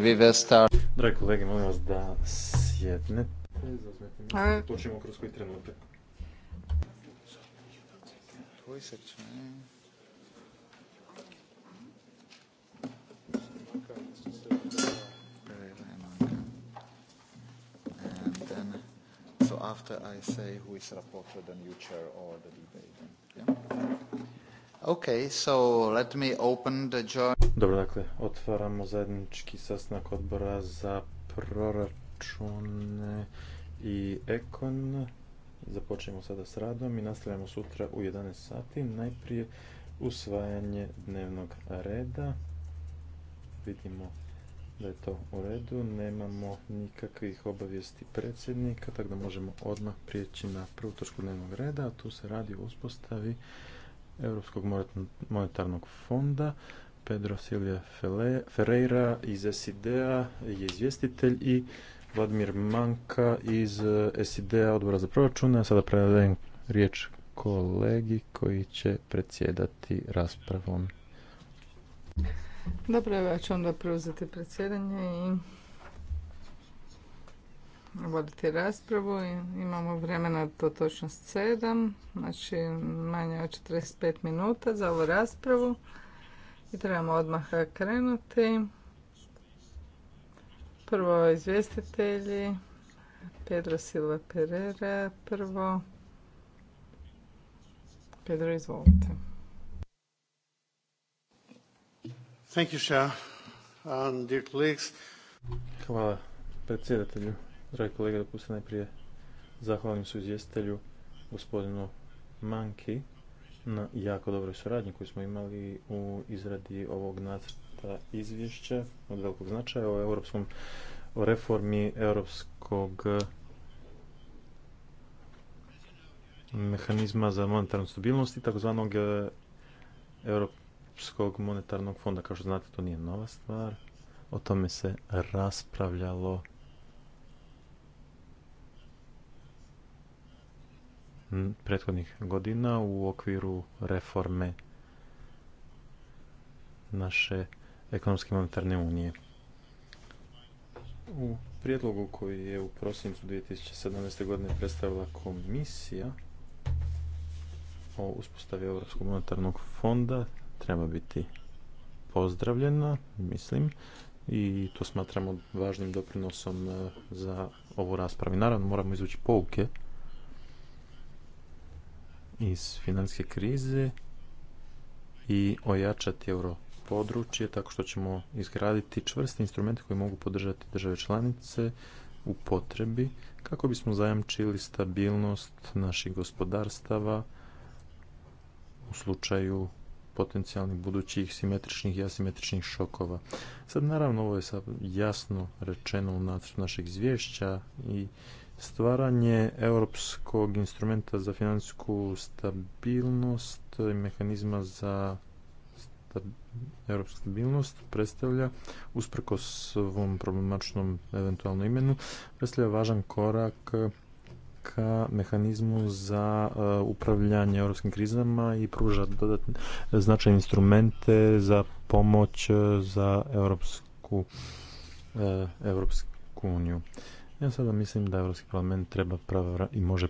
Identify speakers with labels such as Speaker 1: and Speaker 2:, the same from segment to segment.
Speaker 1: Vi vestar. Dragi kolege, molim vas da sjednete. Počnemo kroz koji trenutak.
Speaker 2: Tvoj srčan. after
Speaker 1: I say who is rapporteur, then you chair all the debate. Yeah? Okay, so let me open the Dobro, dakle, otvaramo zajednički sastanak odbora za proračune i ekon. Započnemo sada s radom i nastavljamo sutra u 11 sati. Najprije usvajanje dnevnog reda. Vidimo da je to u redu. Nemamo nikakvih obavijesti predsjednika, tako da možemo odmah prijeći na prvu točku dnevnog reda. Tu se radi o uspostavi Europskog monetarnog fonda. Pedro Silvia Ferreira iz SID-a je izvjestitelj i Vladimir Manka iz SID-a odbora za proračune. Sada predajem riječ kolegi koji će predsjedati raspravom.
Speaker 2: Dobro, ja ću onda preuzeti predsjedanje i voditi raspravu. Imamo vremena do točno sedam, znači manje od 45 minuta za ovu raspravu. I trebamo odmah krenuti. Prvo izvjestitelji, Pedro Silva Pereira, prvo. Pedro, izvolite.
Speaker 1: Thank um, Hvala predsjedatelju. Dragi kolega, dopustite najprije zahvalim su izvjestitelju gospodinu Manki na jako dobroj suradnji koju smo imali u izradi ovog nacrta izvješća od velikog značaja o europskom o reformi europskog mehanizma za monetarnu stabilnost i takozvanog e, europskog monetarnog fonda. Kao što znate, to nije nova stvar. O tome se raspravljalo prethodnih godina u okviru reforme naše ekonomske monetarne unije. U prijedlogu koji je u prosincu 2017. godine predstavila komisija o uspostavi Europskog monetarnog fonda treba biti pozdravljena, mislim, i to smatramo važnim doprinosom e, za ovu raspravu. Naravno, moramo izvući pouke iz financijske krize i ojačati euro područje tako što ćemo izgraditi čvrste instrumente koji mogu podržati države članice u potrebi kako bismo zajamčili stabilnost naših gospodarstava u slučaju potencijalnih budućih simetričnih i asimetričnih šokova. Sad naravno ovo je jasno rečeno u nacrtu našeg izvješća i Stvaranje europskog instrumenta za financijsku stabilnost i mehanizma za europsku stabilnost predstavlja, usprko svom problematičnom eventualnom imenu, predstavlja važan korak ka mehanizmu za e, upravljanje europskim krizama i pruža dodatne značajne instrumente za pomoć e, za europsku, e, europsku uniju. Ja sada mislim da Europski parlament treba i može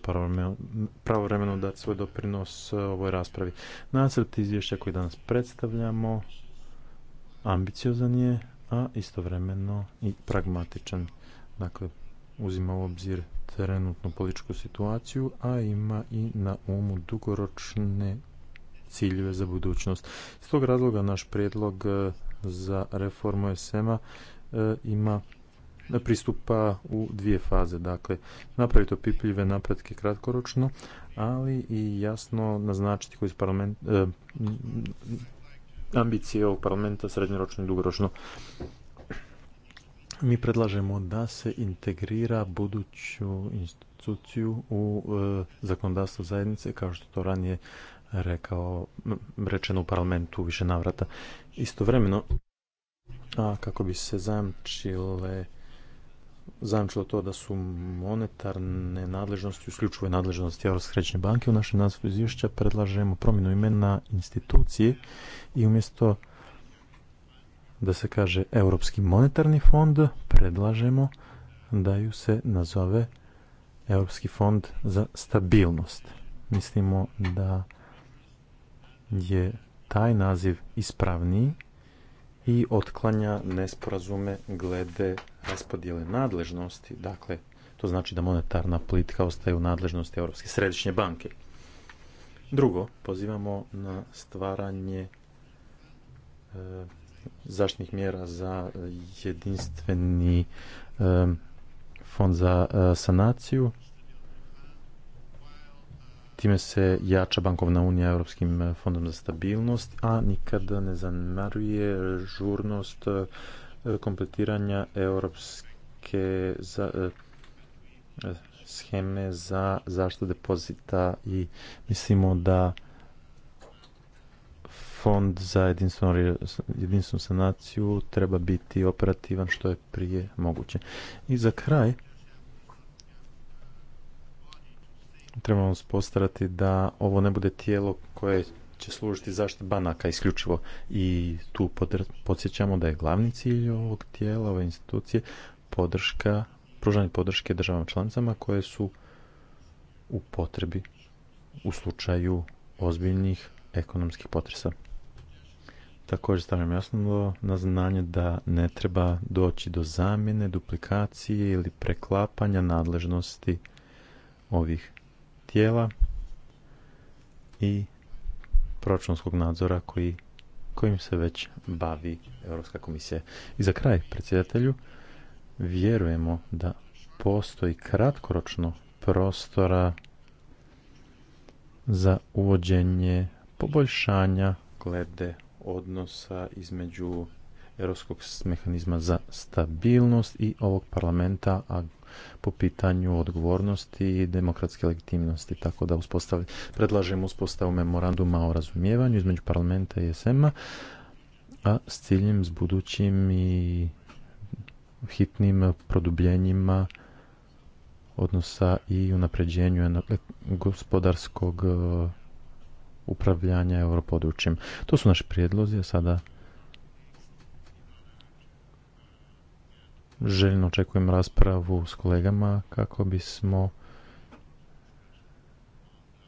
Speaker 1: pravovremeno dati svoj doprinos e, ovoj raspravi. Nacrt izvješća koji danas predstavljamo ambiciozan je, a istovremeno i pragmatičan. Dakle, uzima u obzir trenutnu političku situaciju, a ima i na umu dugoročne ciljeve za budućnost. Iz tog razloga naš prijedlog e, za reformu SM-a e, ima pristupa u dvije faze. Dakle, napraviti opipljive napretke kratkoročno, ali i jasno naznačiti koji su parlament, e, ambicije ovog parlamenta srednjoročno i dugoročno. Mi predlažemo da se integrira buduću instituciju u eh, zakonodavstvo zajednice, kao što to ranije rekao, rečeno u parlamentu više navrata. Istovremeno, a kako bi se zamčile Zamčilo to da su monetarne nadležnosti isključivo nadležnosti Europske banke. U našem nazivu izvješća predlažemo promjenu imena institucije i umjesto da se kaže Europski monetarni fond, predlažemo da ju se nazove Europski fond za stabilnost. Mislimo da je taj naziv ispravniji i otklanja nesporazume glede raspodjele nadležnosti, dakle, to znači da monetarna politika ostaje u nadležnosti Europske središnje banke. Drugo, pozivamo na stvaranje e, zaštitnih mjera za jedinstveni e, fond za e, sanaciju. Time se jača bankovna unija Europskim e, fondom za stabilnost, a nikada ne zanemaruje žurnost E, kompletiranja europske za, e, e, scheme za zaštitu depozita i mislimo da fond za jedinstvenu, jedinstvenu sanaciju treba biti operativan što je prije moguće. I za kraj trebamo spostarati da ovo ne bude tijelo koje će služiti zaštiti banaka isključivo i tu podsjećamo da je glavni cilj ovog tijela, ove institucije, podrška, pružanje podrške državama članicama koje su u potrebi u slučaju ozbiljnih ekonomskih potresa. Također stavljam jasno na znanje da ne treba doći do zamjene, duplikacije ili preklapanja nadležnosti ovih tijela i proračunskog nadzora koji, kojim se već bavi Europska komisija. I za kraj, predsjedatelju, vjerujemo da postoji kratkoročno prostora za uvođenje poboljšanja glede odnosa između Europskog mehanizma za stabilnost i ovog parlamenta, a po pitanju odgovornosti i demokratske legitimnosti, tako da uspostav... predlažem uspostavu memoranduma o razumijevanju između parlamenta i SM-a, a s ciljem s budućim i hitnim produbljenjima odnosa i unapređenju gospodarskog e, upravljanja europodručjem. To su naši prijedlozi, a sada željno očekujem raspravu s kolegama kako bismo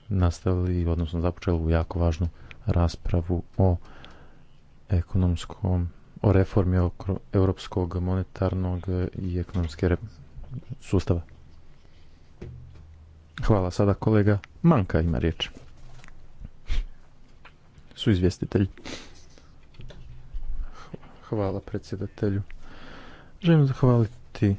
Speaker 1: nastavili, odnosno započeli jako važnu raspravu o ekonomskom, o reformi europskog monetarnog i ekonomske sustava. Hvala sada kolega Manka ima riječ. Su izvjestitelji. Hvala predsjedatelju. Želim zahvaliti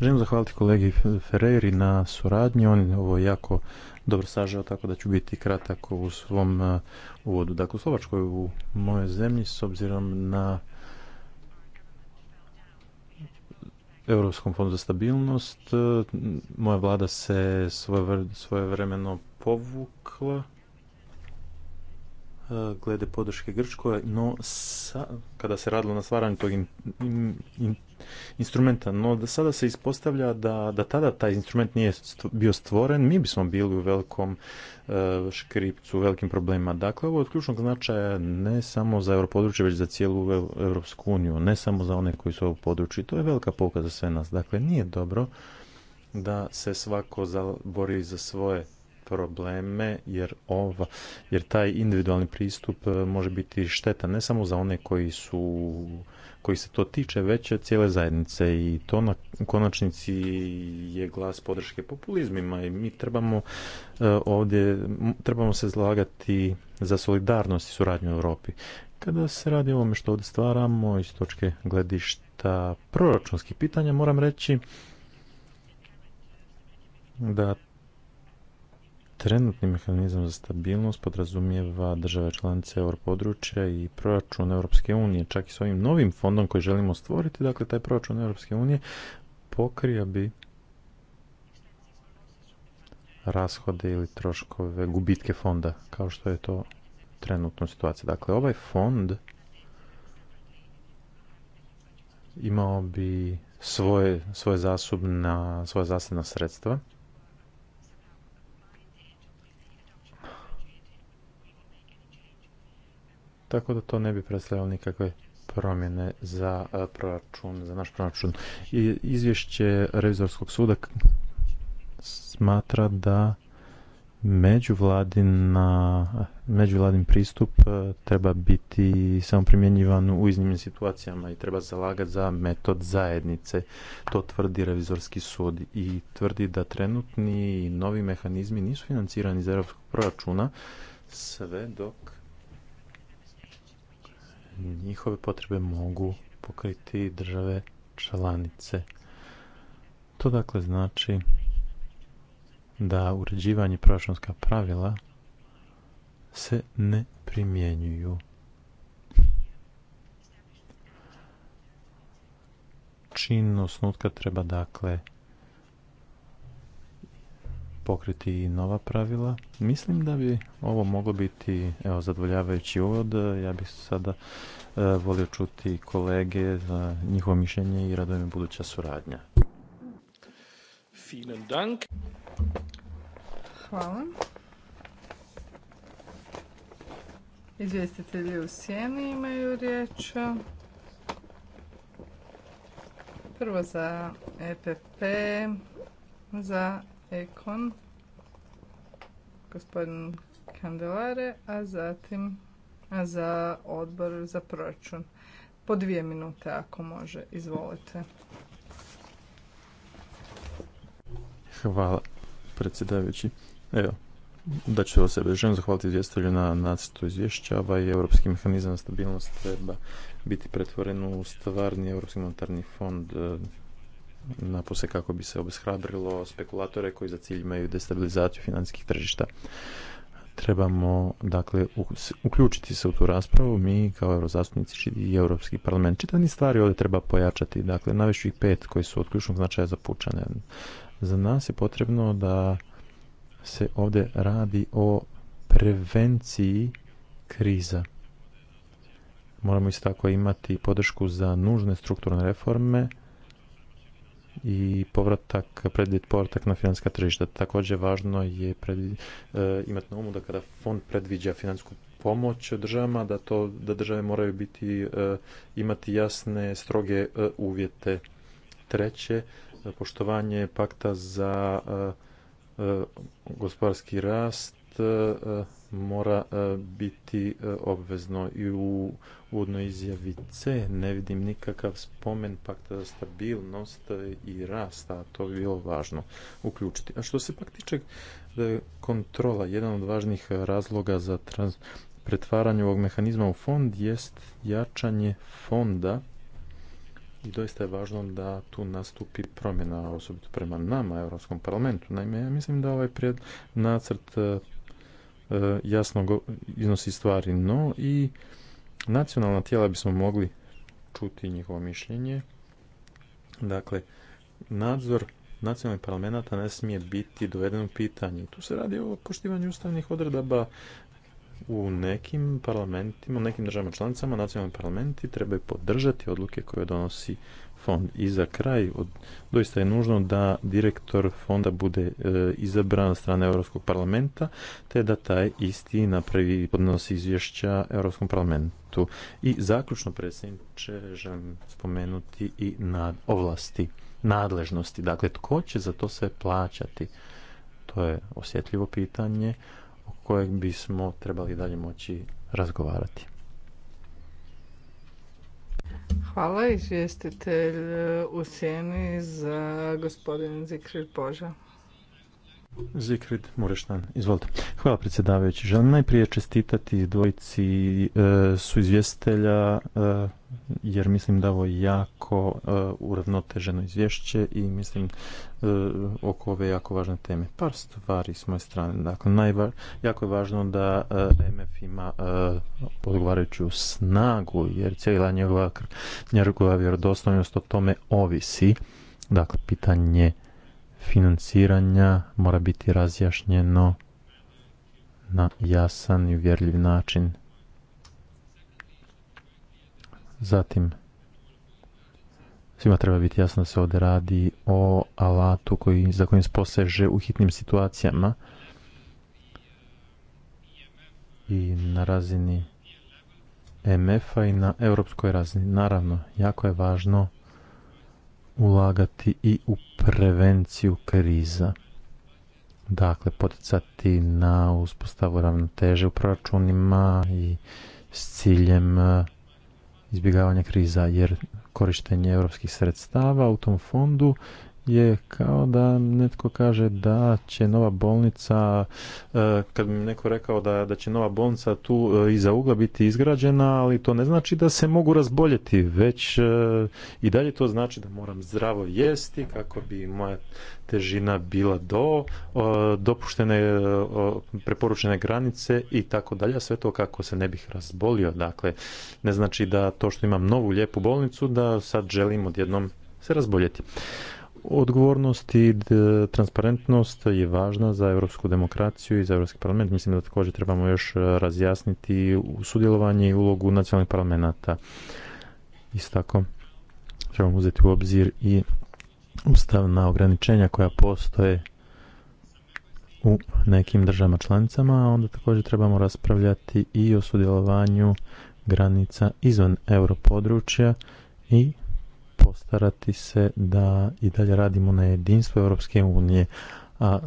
Speaker 1: Želim zahvaliti kolegi Ferreiri na suradnji. On je ovo jako dobro sažao, tako da ću biti kratak u svom uh, uvodu. Dakle, u Slovačkoj, u mojoj zemlji, s obzirom na Europskom fondu za stabilnost, uh, moja vlada se svojevremeno svoje vremeno povukla glede podrške Grčkoj, no kada se radilo na stvaranju tog instrumenta, no da sada se ispostavlja da, da tada taj instrument nije bio stvoren, mi bismo bili u velikom eh, škripcu, u velikim problemima. Dakle, ovo je od ključnog značaja ne samo za europodručje, već za cijelu Europsku uniju, ne samo za one koji su u području. To je velika pouka za sve nas. Dakle, nije dobro da se svako bori za svoje probleme jer, ova, jer taj individualni pristup e, može biti štetan ne samo za one koji su koji se to tiče već cijele zajednice i to na konačnici je glas podrške populizmima i mi trebamo e, ovdje trebamo se zlagati za solidarnost i suradnju u Europi. Kada se radi o ovome što ovdje stvaramo iz točke gledišta proračunskih pitanja moram reći da Trenutni mehanizam za stabilnost podrazumijeva države članice europodručja i proračun Europske unije. Čak i s ovim novim fondom koji želimo stvoriti, dakle taj proračun Europske unije pokrija bi rashode ili troškove, gubitke fonda, kao što je to trenutno situacija. Dakle, ovaj fond imao bi svoje, svoje, zasubna, svoje zasebna sredstva tako da to ne bi predstavljalo nikakve promjene za e, proračun, za naš proračun. izvješće revizorskog suda smatra da međuvladina, međuvladin pristup e, treba biti samo primjenjivan u iznimnim situacijama i treba zalagati za metod zajednice. To tvrdi revizorski sud i tvrdi da trenutni novi mehanizmi nisu financirani iz europskog proračuna sve dok njihove potrebe mogu pokriti države članice. To dakle znači da uređivanje proračunska pravila se ne primjenjuju. Čin osnutka treba dakle pokriti i nova pravila. Mislim da bi ovo moglo biti evo, zadovoljavajući uvod. Ja bih sada e, volio čuti kolege za njihovo mišljenje i radoje buduća suradnja.
Speaker 2: Hvala. Izvjestitelji u sjeni imaju riječ. Prvo za EPP, za Ekon, gospodin Kandelare, a zatim za odbor za proračun. Po dvije minute ako može, izvolite.
Speaker 1: Hvala predsjedavajući. Evo, da ću o sebe. Želim zahvaliti izvjestitelju na nacrtu izvješća. Ovaj europski mehanizam stabilnost treba biti pretvoren u stvarni europski monetarni fond napose kako bi se obeshrabrilo spekulatore koji za cilj imaju destabilizaciju financijskih tržišta. Trebamo, dakle, uključiti se u tu raspravu, mi kao eurozastupnici i Europski parlament. Čitani stvari ovdje treba pojačati, dakle, navešću ih pet koji su od ključnog značaja za pučane. Za nas je potrebno da se ovdje radi o prevenciji kriza. Moramo isto tako imati podršku za nužne strukturne reforme i povratak, predvidjeti povratak na financijska tržišta. Također važno je e, imati na umu da kada fond predviđa financijsku pomoć državama, da, to, da države moraju biti, e, imati jasne, stroge e, uvjete. Treće, poštovanje pakta za gospodarski rast E, e, mora e, biti obvezno i u uvodnoj izjavi C ne vidim nikakav spomen pakta za stabilnost i rasta. a to bi bilo važno uključiti. A što se pak tiče kontrola jedan od važnih razloga za pretvaranje ovog mehanizma u fond jest jačanje fonda i doista je važno da tu nastupi promjena, osobito prema nama, Europskom parlamentu. Naime, ja mislim da ovaj prijed, nacrt E, jasno iznosi stvari. No i nacionalna tijela bismo mogli čuti njihovo mišljenje. Dakle, nadzor nacionalnih parlamenta ne smije biti doveden u pitanje. Tu se radi o poštivanju ustavnih odredaba u nekim parlamentima, u nekim državama članicama, nacionalni parlamenti trebaju podržati odluke koje donosi fond. I za kraj, doista je nužno da direktor fonda bude e, izabran od strane Europskog parlamenta, te da taj isti napravi podnosi izvješća Europskom parlamentu. I zaključno, predsjedniče, želim spomenuti i nad ovlasti, nadležnosti. Dakle, tko će za to sve plaćati? To je osjetljivo pitanje, kojeg bismo trebali dalje moći razgovarati.
Speaker 2: Hvala izvjestitelj e, u sjeni za gospodin Zikrir Boža.
Speaker 1: Zikrid Mureštan, izvolite. Hvala predsjedavajući. Želim najprije čestitati dvojici e, su izvjestitelja e, jer mislim da ovo je jako uh, uravnoteženo izvješće i mislim e, oko ove jako važne teme. Par stvari s moje strane. Dakle, najva, jako je važno da uh, e, MF ima odgovarajuću snagu jer cijela njegova, njegova vjerodostojnost o tome ovisi. Dakle, pitanje financiranja mora biti razjašnjeno na jasan i uvjerljiv način Zatim, svima treba biti jasno da se ovdje radi o alatu koji, za kojim poseže u hitnim situacijama i na razini MF-a i na europskoj razini. Naravno, jako je važno ulagati i u prevenciju kriza. Dakle, poticati na uspostavu ravnoteže u proračunima i s ciljem izbjegavanja kriza jer korištenje europskih sredstava u tom fondu je kao da netko kaže da će nova bolnica, e, kad bi neko rekao da, da će nova bolnica tu e, iza ugla biti izgrađena, ali to ne znači da se mogu razboljeti, već e, i dalje to znači da moram zdravo jesti kako bi moja težina bila do dopuštene preporučene granice i tako dalje, sve to kako se ne bih razbolio. Dakle, ne znači da to što imam novu lijepu bolnicu da sad želim odjednom se razboljeti. Odgovornost i transparentnost je važna za europsku demokraciju i za europski parlament. Mislim da također trebamo još e, razjasniti sudjelovanje i ulogu nacionalnih parlamenta. Isto tako trebamo uzeti u obzir i ustavna ograničenja koja postoje u nekim državama članicama, a onda također trebamo raspravljati i o sudjelovanju granica izvan europodručja i postarati se da i dalje radimo na jedinstvu Europske unije, a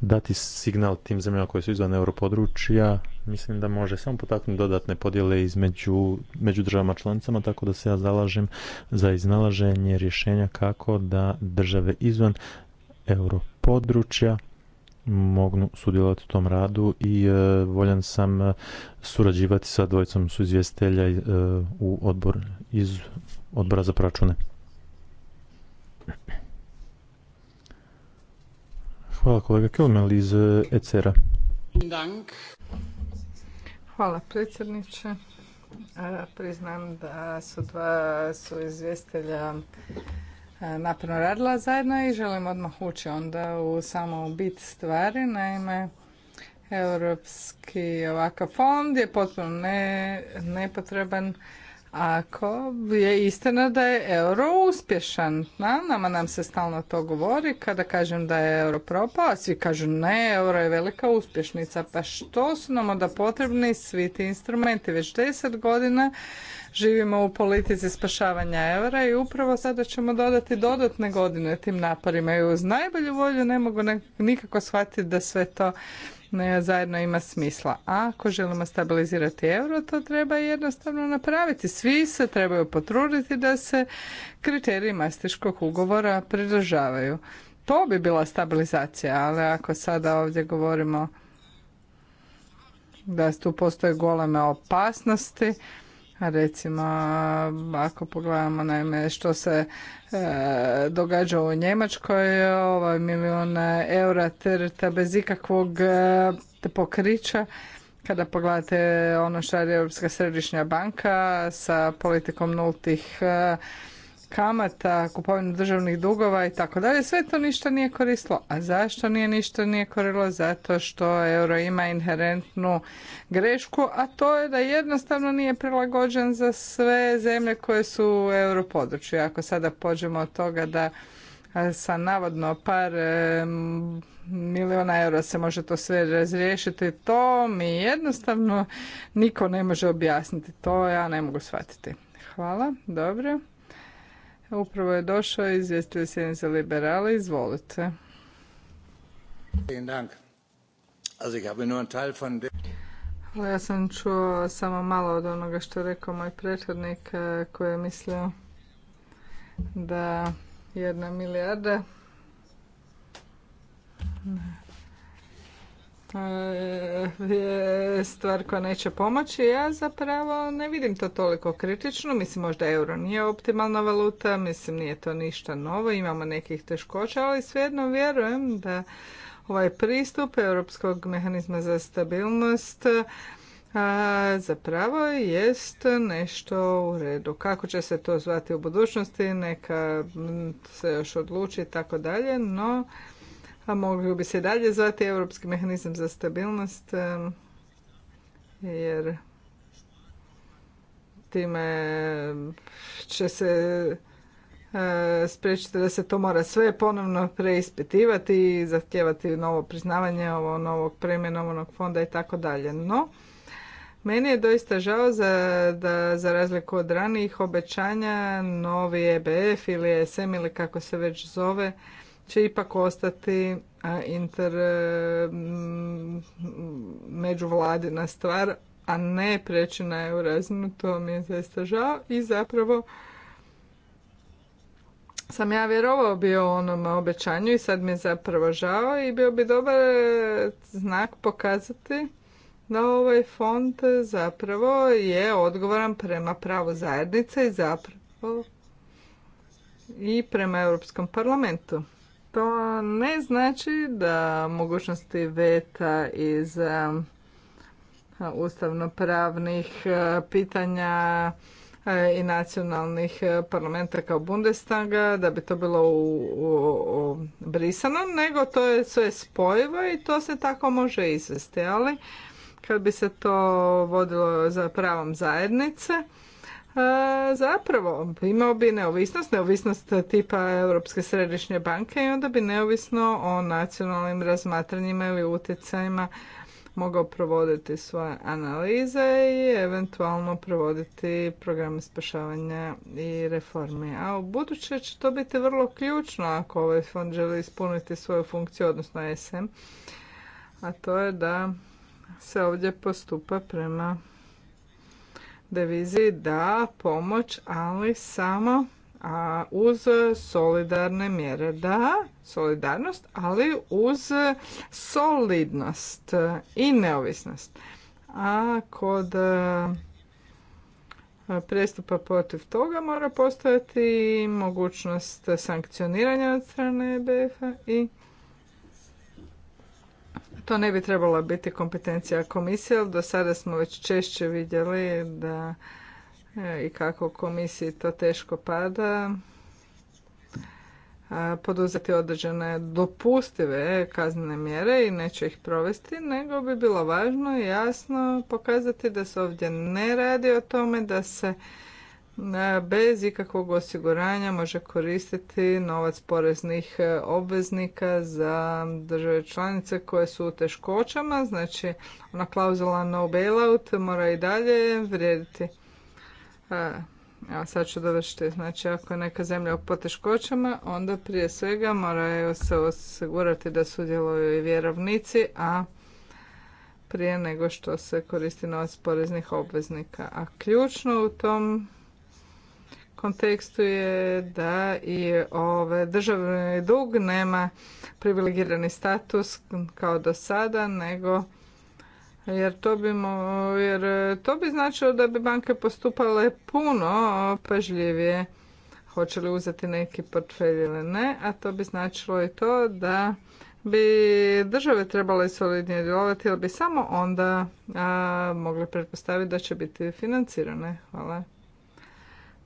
Speaker 1: dati signal tim zemljama koje su izvan europodručja, mislim da može samo potaknuti dodatne podjele između među državama članicama, tako da se ja zalažem za iznalaženje rješenja kako da države izvan europodručja mogu sudjelovati u tom radu i e, voljan sam e, surađivati sa dvojicom suizvjestelja e, u odbor iz odbora za proračune. Hvala kolega Kelmel iz ECR-a.
Speaker 2: Hvala predsjedniče. Priznam da su dva su E, naprno radila zajedno i želim odmah ući onda u samo bit stvari. Naime, Europski ovakav fond je potpuno nepotreban ako je istina da je euro uspješan. nama nam se stalno to govori kada kažem da je euro propao, a svi kažu ne, euro je velika uspješnica. Pa što su nam onda potrebni svi ti instrumenti? Već deset godina živimo u politici spašavanja eura i upravo sada ćemo dodati dodatne godine tim naporima i uz najbolju volju ne mogu nikako shvatiti da sve to e, zajedno ima smisla. A ako želimo stabilizirati euro, to treba jednostavno napraviti. Svi se trebaju potruditi da se kriteriji mastiškog ugovora pridržavaju. To bi bila stabilizacija, ali ako sada ovdje govorimo da tu postoje goleme opasnosti, recimo ako pogledamo naime što se e, događa u Njemačkoj ovaj milijun eura trta bez ikakvog e, pokrića kada pogledate ono što je Europska središnja banka sa politikom nultih e, kamata, kupovinu državnih dugova i tako dalje, sve to ništa nije koristilo. A zašto nije ništa nije koristilo? Zato što euro ima inherentnu grešku, a to je da jednostavno nije prilagođen za sve zemlje koje su u europodručju. Ako sada pođemo od toga da sa navodno par e, milijuna eura se može to sve razriješiti, to mi jednostavno niko ne može objasniti. To ja ne mogu shvatiti. Hvala, dobro. Upravo je došao izvjestitelj sjednice za liberale. Izvolite. Hvala, ja sam čuo samo malo od onoga što je rekao moj prethodnik eh, koji je mislio da jedna milijarda je e, stvar koja neće pomoći. Ja zapravo ne vidim to toliko kritično. Mislim, možda euro nije optimalna valuta, mislim, nije to ništa novo, imamo nekih teškoća, ali svejedno vjerujem da ovaj pristup Europskog mehanizma za stabilnost a, e, zapravo jest nešto u redu. Kako će se to zvati u budućnosti, neka se još odluči i tako dalje, no a mogli bi se dalje zvati Europski mehanizam za stabilnost, jer time će se e, spriječiti da se to mora sve ponovno preispitivati i zahtijevati novo priznavanje ovo novog premenovanog fonda i tako dalje. No, meni je doista žao za, da za razliku od ranijih obećanja novi EBF ili e SM ili kako se već zove će ipak ostati inter mm, međuvladina stvar, a ne preći na EU to mi je zaista žao i zapravo sam ja vjerovao bio onom obećanju i sad mi je zapravo žao i bio bi dobar znak pokazati da ovaj fond zapravo je odgovoran prema pravu zajednice i zapravo i prema Europskom parlamentu to ne znači da mogućnosti veta iz e, ustavnopravnih e, pitanja e, i nacionalnih parlamenta kao Bundestaga, da bi to bilo u, brisano, nego to je sve spojivo i to se tako može izvesti, ali kad bi se to vodilo za pravom zajednice, zapravo imao bi neovisnost, neovisnost tipa Europske središnje banke i onda bi neovisno o nacionalnim razmatranjima ili utjecajima mogao provoditi svoje analize i eventualno provoditi programe spašavanja i reformi. A u će to biti vrlo ključno ako ovaj fond želi ispuniti svoju funkciju, odnosno SM, a to je da se ovdje postupa prema deviziji da pomoć, ali samo a uz solidarne mjere. Da, solidarnost, ali uz solidnost i neovisnost. A kod e, prestupa protiv toga mora postojati mogućnost sankcioniranja od strane ebf i to ne bi trebala biti kompetencija komisije, ali do sada smo već češće vidjeli da e, i kako komisiji to teško pada poduzeti određene dopustive kaznene mjere i neće ih provesti, nego bi bilo važno i jasno pokazati da se ovdje ne radi o tome da se bez ikakvog osiguranja može koristiti novac poreznih e, obveznika za države članice koje su u teškoćama, znači ona klauzula no bailout mora i dalje vrijediti. E, evo sad ću dovršiti, znači ako je neka zemlja u poteškoćama, onda prije svega moraju se osigurati da sudjeluju i vjerovnici, a prije nego što se koristi novac poreznih obveznika. A ključno u tom kontekstu je da i ove državni dug nema privilegirani status kao do sada, nego jer to bi, mo, jer to bi značilo da bi banke postupale puno pažljivije hoće li uzeti neki portfelj ili ne, a to bi značilo i to da bi države trebale solidnije djelovati, jer bi samo onda a, mogle pretpostaviti da će biti financirane. Hvala.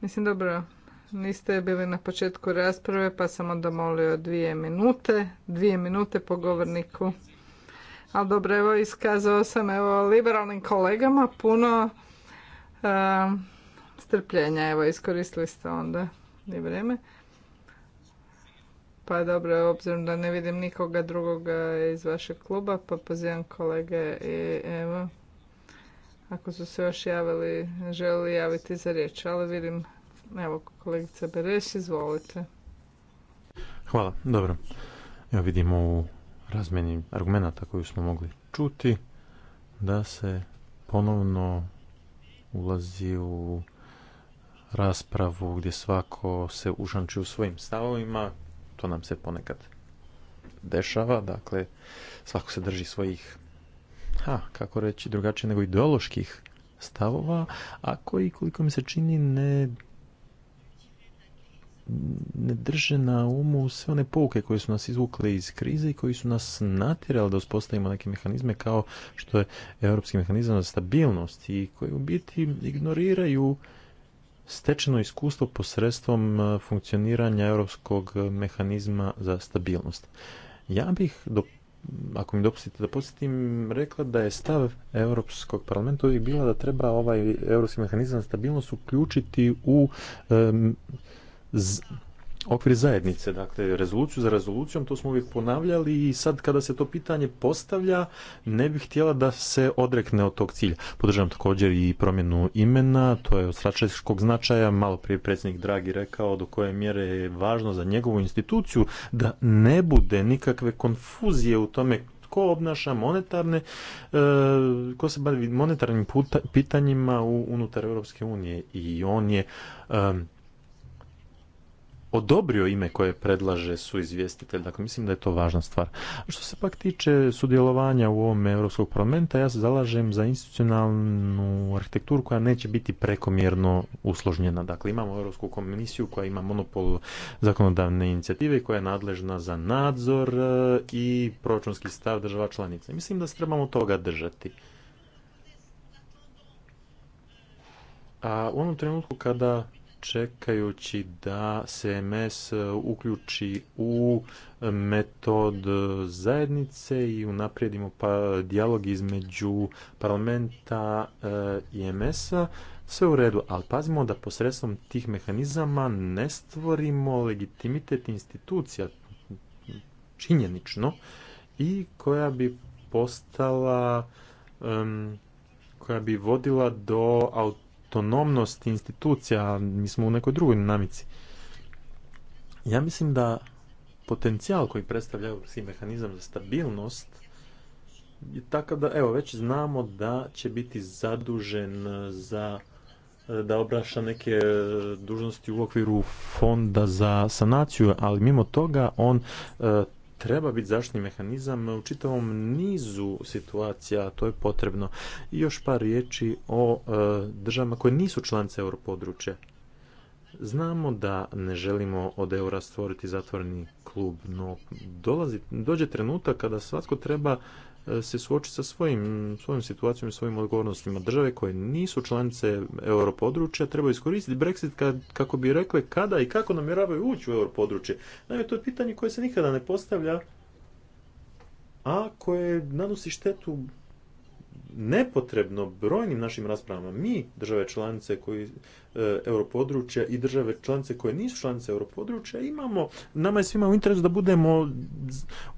Speaker 2: Mislim, dobro, niste bili na početku rasprave, pa sam onda molio dvije minute, dvije minute po govorniku. Ali dobro, evo, iskazao sam evo, liberalnim kolegama puno eh, strpljenja, evo, iskoristili ste onda i vrijeme. Pa dobro, obzirom da ne vidim nikoga drugoga iz vašeg kluba, pa pozivam kolege i evo, ako su se još javili, želi javiti za riječ, ali vidim, evo kolegica Bereš, izvolite.
Speaker 1: Hvala, dobro. Evo vidimo u razmjeni argumenata koju smo mogli čuti da se ponovno ulazi u raspravu gdje svako se užanči u svojim stavovima. To nam se ponekad dešava, dakle svako se drži svojih ha, kako reći, drugačije nego ideoloških stavova, a koji, koliko mi se čini, ne ne drže na umu sve one pouke koje su nas izvukle iz krize i koji su nas natjerali da uspostavimo neke mehanizme kao što je europski mehanizam za stabilnost i koji u biti ignoriraju stečeno iskustvo posredstvom e, funkcioniranja europskog mehanizma za stabilnost. Ja bih ako mi dopustite da podsjetim, rekla da je stav Europskog parlamenta uvijek bila da treba ovaj europski mehanizam stabilnost uključiti u okvir zajednice, dakle rezoluciju za rezolucijom, to smo uvijek ponavljali i sad kada se to pitanje postavlja, ne bih htjela da se odrekne od tog cilja. Podržavam također i promjenu imena, to je od strateškog značaja, malo prije predsjednik Dragi rekao do koje mjere je važno za njegovu instituciju da ne bude nikakve konfuzije u tome ko obnaša monetarne, e, ko se bavi monetarnim pitanjima u, unutar Europske unije i on je e, odobrio ime koje predlaže su izvjestitelj. Dakle, mislim da je to važna stvar. što se pak tiče sudjelovanja u ovom Europskog parlamenta, ja se zalažem za institucionalnu arhitekturu koja neće biti prekomjerno usložnjena. Dakle, imamo Europsku komisiju koja ima monopol zakonodavne inicijative koja je nadležna za nadzor e, i proračunski stav država članica. Mislim da se trebamo toga držati. A u onom trenutku kada čekajući da se MS uključi u metod zajednice i unaprijedimo pa dijalog između parlamenta e, i MS-a. Sve u redu, ali pazimo da posredstvom tih mehanizama ne stvorimo legitimitet institucija činjenično i koja bi postala koja bi vodila do autonomnost institucija, mi smo u nekoj drugoj dinamici. Ja mislim da potencijal koji predstavlja europski mehanizam za stabilnost je takav da, evo, već znamo da će biti zadužen za e, da obraša neke e, dužnosti u okviru fonda za sanaciju, ali mimo toga on e, treba biti zaštitni mehanizam u čitavom nizu situacija, to je potrebno. I još par riječi o e, državama koje nisu članice europodručja. Znamo da ne želimo od eura stvoriti zatvoreni klub, no dolazi, dođe trenutak kada svatko treba E, se suoči sa svojim, svojim situacijom i svojim odgovornostima. Države koje nisu članice europodručja trebaju iskoristiti Brexit kad, kako bi rekle kada i kako namjeravaju ući u europodručje. Naime, to je pitanje koje se nikada ne postavlja, a koje nanosi štetu nepotrebno brojnim našim raspravama. Mi, države članice koji e, europodručja i države članice koje nisu članice europodručja, imamo, nama je svima u interesu da budemo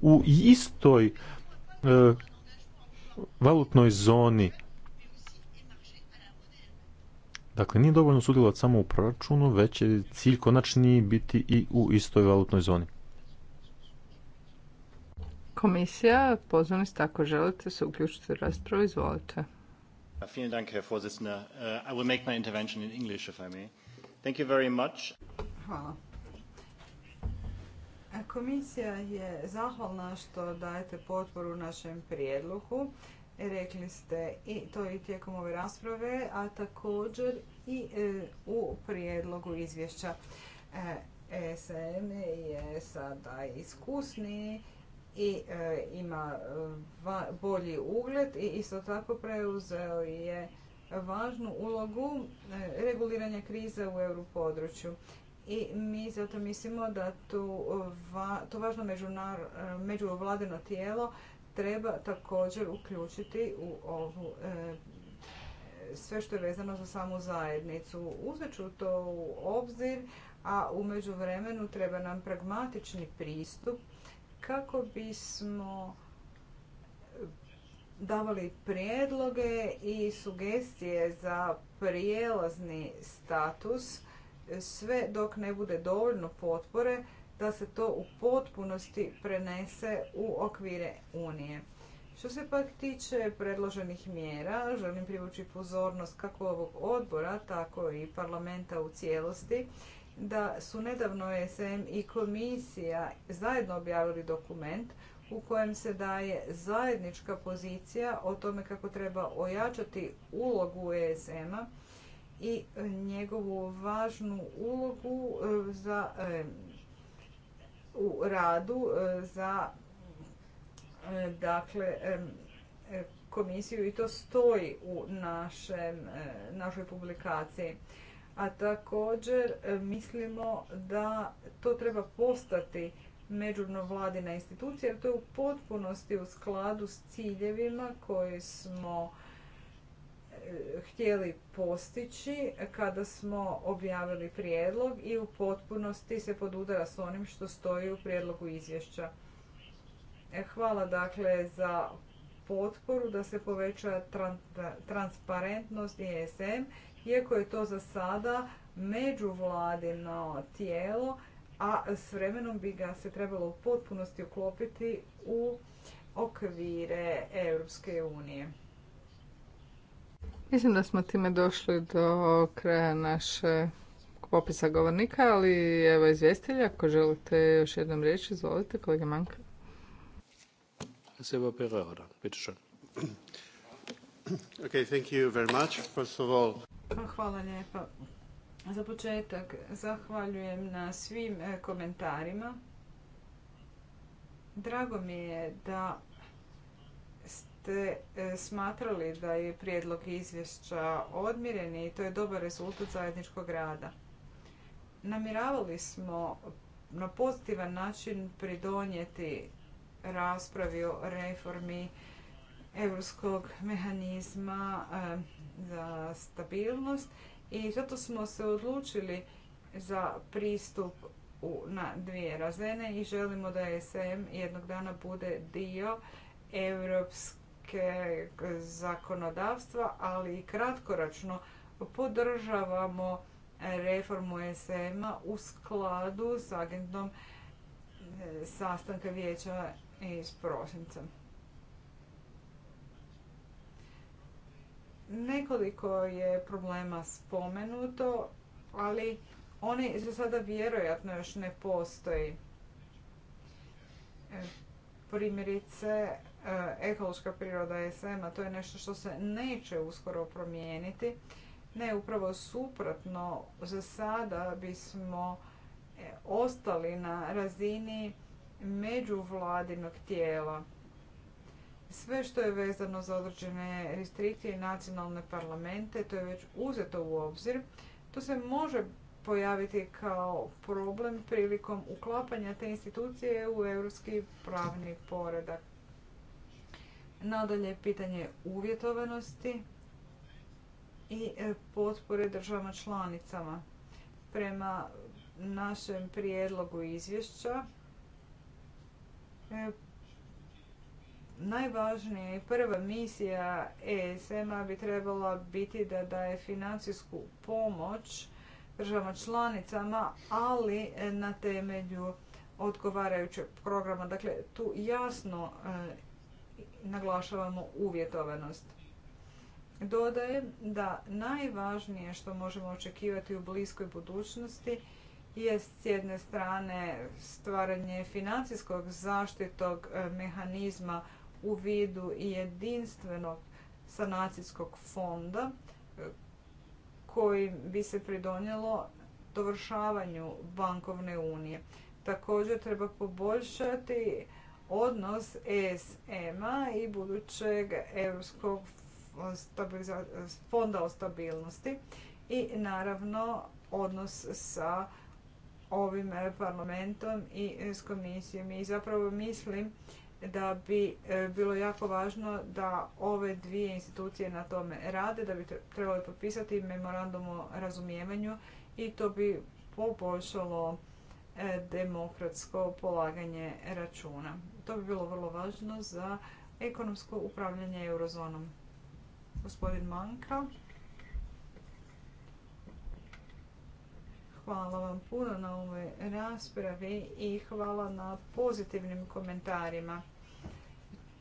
Speaker 1: u istoj E, valutnoj zoni. Dakle, nije dovoljno sudjelovati samo u proračunu, već je cilj konačni biti i u istoj valutnoj zoni.
Speaker 2: Komisija, pozvani ste ako želite se uključiti u raspravu, izvolite.
Speaker 1: Uh, vielen Herr Vorsitzender. Uh, I will make my intervention in English, if I may. Thank you very much.
Speaker 3: Hvala. Komisija je zahvalna što dajete potporu našem prijedlogu. Rekli ste i to i tijekom ove rasprave, a također i e, u prijedlogu izvješća. ESM je sada iskusniji i e, ima e, bolji ugled i isto tako preuzeo je važnu ulogu reguliranja krize u europodručju i mi zato mislimo da to važno međunar, međuvladino tijelo treba također uključiti u ovu e, sve što je vezano za samu zajednicu. Uzet ću to u obzir, a u međuvremenu treba nam pragmatični pristup kako bismo davali prijedloge i sugestije za prijelazni status sve dok ne bude dovoljno potpore da se to u potpunosti prenese u okvire Unije. Što se pak tiče predloženih mjera, želim privući pozornost kako ovog odbora, tako i parlamenta u cijelosti, da su nedavno ESM i komisija zajedno objavili dokument u kojem se daje zajednička pozicija o tome kako treba ojačati ulogu ESM-a i e, njegovu važnu ulogu e, za, e, u radu za dakle, komisiju i to stoji u našoj publikaciji. A također mislimo da to treba postati međunovladina institucija jer to je u potpunosti u skladu s ciljevima koje smo htjeli postići kada smo objavili prijedlog i u potpunosti se podudara s onim što stoji u prijedlogu izvješća. E, hvala dakle za potporu da se poveća transparentnost ESM, iako je to za sada međuvladino tijelo, a s vremenom bi ga se trebalo u potpunosti uklopiti u okvire Europske unije.
Speaker 2: Mislim da smo time došli do kraja naše popisa govornika, ali evo izvjestitelja ako želite još jednom riječ, izvolite, kolega Manka.
Speaker 1: Seba Okay, thank you very much. First of all...
Speaker 3: Pa, hvala lijepa. Za početak zahvaljujem na svim e, komentarima. Drago mi je da ste e, smatrali da je prijedlog izvješća odmjeren i to je dobar rezultat zajedničkog rada. Namiravali smo na pozitivan način pridonijeti raspravi o reformi europskog mehanizma e, za stabilnost i zato smo se odlučili za pristup na dvije razine i želimo da SM jednog dana bude dio europske zakonodavstva, ali i kratkoročno podržavamo reformu SM-a u skladu s agendom e, sastanka vijeća iz prosinca. Nekoliko je problema spomenuto, ali oni za sada vjerojatno još ne postoji. E, primjerice, E, ekološka priroda SM-a, to je nešto što se neće uskoro promijeniti. Ne, upravo suprotno, za sada bismo e, ostali na razini međuvladinog tijela. Sve što je vezano za određene restrikcije i nacionalne parlamente, to je već uzeto u obzir. To se može pojaviti kao problem prilikom uklapanja te institucije u europski pravni poredak. Nadalje, pitanje uvjetovanosti i e, potpore državama članicama. Prema našem prijedlogu izvješća e, najvažnija i prva misija ESM-a bi trebala biti da daje financijsku pomoć državama članicama, ali e, na temelju odgovarajućeg programa. Dakle, tu jasno naglašavamo uvjetovanost. Dodaje da najvažnije što možemo očekivati u bliskoj budućnosti je s jedne strane stvaranje financijskog zaštitog e, mehanizma u vidu jedinstvenog sanacijskog fonda e, koji bi se pridonjelo dovršavanju bankovne unije. Također treba poboljšati odnos ESM-a i budućeg Europskog fonda o stabilnosti i naravno odnos sa ovim parlamentom i s komisijom. I zapravo mislim da bi e, bilo jako važno da ove dvije institucije na tome rade, da bi trebali potpisati memorandum o razumijevanju i to bi poboljšalo E, demokratsko polaganje računa. To bi bilo vrlo važno za ekonomsko upravljanje eurozonom. Gospodin Manka. Hvala vam puno na ovoj raspravi i hvala na pozitivnim komentarima.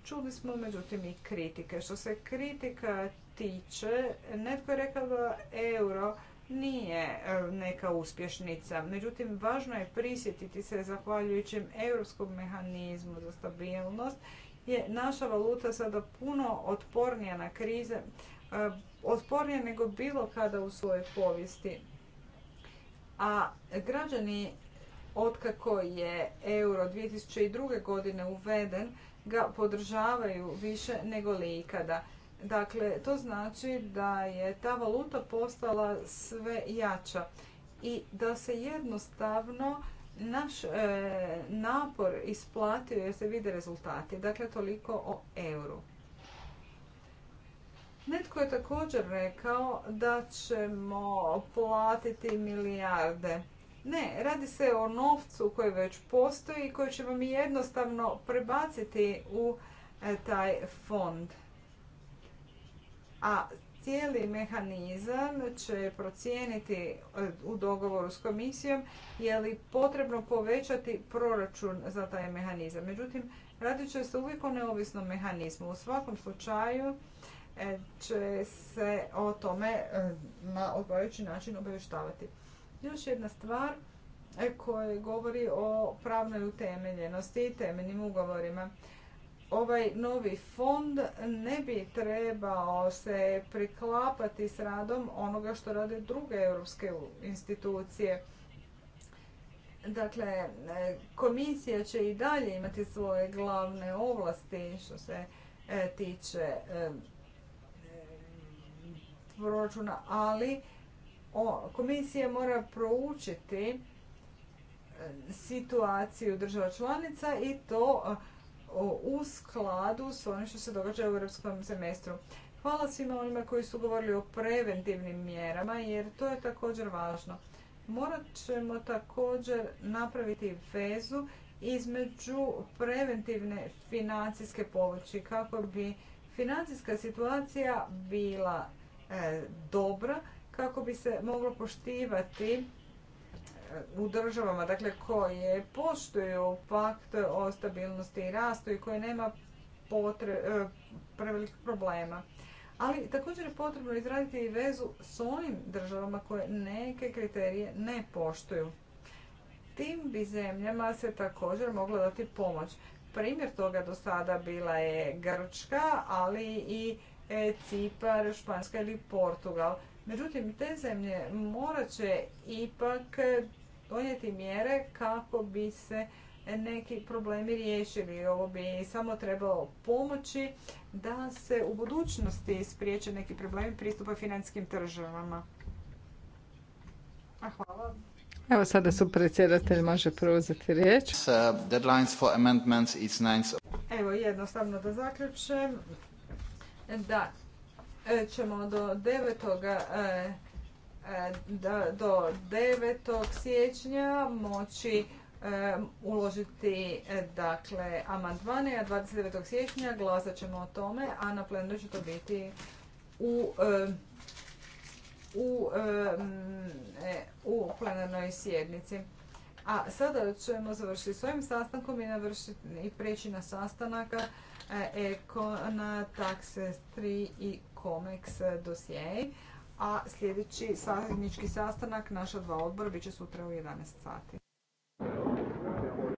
Speaker 3: Čuli smo međutim i kritike. Što se kritika tiče, netko je rekao euro nije e, neka uspješnica. Međutim, važno je prisjetiti se zahvaljujućem europskom mehanizmu za stabilnost je naša valuta sada puno otpornija na krize, e, otpornija nego bilo kada u svojoj povijesti. A građani, otkako je euro 2002. godine uveden, ga podržavaju više nego li ikada. Dakle, to znači da je ta valuta postala sve jača i da se jednostavno naš e, napor isplatio jer se vide rezultati. Dakle, toliko o euru. Netko je također rekao da ćemo platiti milijarde. Ne, radi se o novcu koji već postoji i koji ćemo mi jednostavno prebaciti u e, taj fond a cijeli mehanizam će procijeniti e, u dogovoru s komisijom je li potrebno povećati proračun za taj mehanizam. Međutim, radit će se uvijek o neovisnom mehanizmu. U svakom slučaju e, će se o tome e, na odgovarajući način obavještavati. Još jedna stvar koja govori o pravnoj utemeljenosti i temeljnim ugovorima ovaj novi fond ne bi trebao se priklapati s radom onoga što rade druge europske institucije. Dakle, e, komisija će i dalje imati svoje glavne ovlasti što se e, tiče e, proračuna, ali komisija mora proučiti situaciju država članica i to u skladu s onim što se događa u europskom semestru. Hvala svima onima koji su govorili o preventivnim mjerama jer to je također važno. Morat ćemo također napraviti vezu između preventivne financijske pomoći kako bi financijska situacija bila e, dobra, kako bi se moglo poštivati u državama dakle, koje poštuju pakt o stabilnosti i rastu i koje nema potre, e, prevelikih problema. Ali također je potrebno izraditi i vezu s onim državama koje neke kriterije ne poštuju. Tim bi zemljama se također mogla dati pomoć. Primjer toga do sada bila je Grčka, ali i e, Cipar, Španska ili Portugal. Međutim, te zemlje morat će ipak donijeti mjere kako bi se neki problemi riješili. Ovo bi samo trebalo pomoći da se u budućnosti spriječe neki problemi pristupa financijskim tržavama. A hvala.
Speaker 2: Evo sada su predsjedatelj može preuzeti riječ. Uh,
Speaker 3: Evo jednostavno da zaključem da e, ćemo do 9. E, do 9. siječnja moći e, uložiti e, dakle amandmane, a 29. siječnja glasat ćemo o tome, a na plenu će to biti u u, u plenarnoj sjednici. A sada ćemo završiti svojim ovim sastankom i, navršiti, i preći na sastanak Eko na Taxes 3 i Comex dosijeji a sljedeći sajednički sastanak naša dva odbora bit će sutra u 11 sati.